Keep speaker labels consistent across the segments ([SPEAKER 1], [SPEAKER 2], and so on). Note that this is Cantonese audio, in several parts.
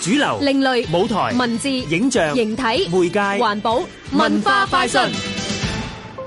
[SPEAKER 1] 主流、另類、舞台、文字、影像、形體、媒介、環保、文化、快訊。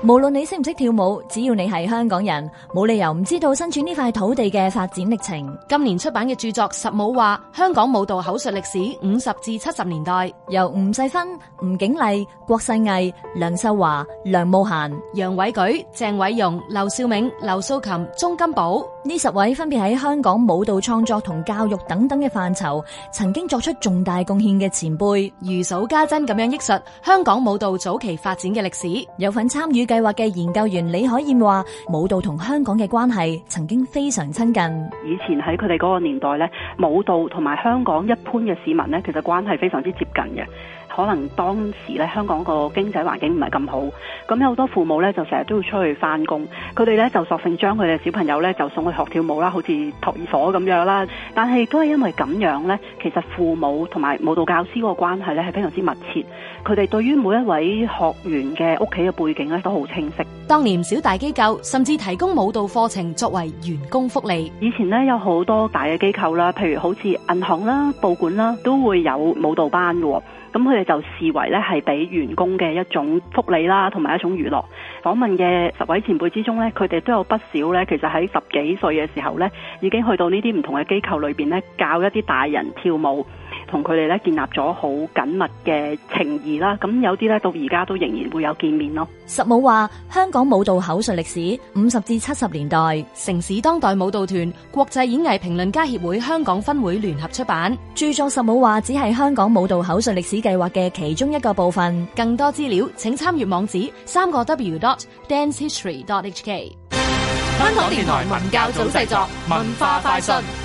[SPEAKER 1] 無論你識唔識跳舞，只要你係香港人，冇理由唔知道身處呢塊土地嘅發展歷程。今年出版嘅著作《十舞話香港舞蹈口述歷史》五十至七十年代，由吳世芬、吳景麗、郭世毅、梁秀華、梁慕嫻、楊偉舉、鄭偉容、劉少明、劉素琴、鐘金寶呢十位分別喺香港舞蹈創作同教育等等嘅範疇，曾經作出重大貢獻嘅前輩，如數家珍咁樣憶述香港舞蹈早期發展嘅歷史，有份參與。計劃嘅研究員李海燕話：舞蹈同香港嘅關
[SPEAKER 2] 係曾經非常親近。以前喺佢哋嗰個年代咧，舞蹈同埋香港一般嘅市民咧，其實關係非常之接近嘅。可能當時咧，香港個經濟環境唔係咁好，咁有好多父母咧就成日都要出去返工，佢哋咧就索性將佢哋小朋友咧就送去學跳舞啦，好似托兒所咁樣啦。但係都係因為咁樣咧，其實父母同埋舞蹈教師個關係咧係非常之密切，佢哋對於每一位學員嘅屋企嘅背景咧都好清晰。當年唔少大機構甚至提供舞蹈課程作為員工福利。以前咧有好多大嘅機構啦，譬如好似銀行啦、報館啦，都會有舞蹈班嘅。咁佢哋就視為咧係俾員工嘅一種福利啦，同埋一種娛樂。訪問嘅十位前輩之中咧，佢哋都有不少咧，其實喺十幾歲嘅時候咧，已經去到呢啲唔同嘅機構裏邊咧，教一啲大人跳舞。同佢哋咧建立咗好緊密嘅情誼啦，咁有啲咧到而家都仍然會有見面咯。十武話：
[SPEAKER 1] 香港舞蹈口述歷史，五十至七十年代，城市當代舞蹈團、國際演藝評論家協會香港分會聯合出版。著作十武話只係香港舞蹈口述歷史計劃嘅其中一個部分。更多資料請參閱網址：三個 w dot dance history dot hk。香港電台文教組製作，文，製
[SPEAKER 2] 作文化快訊。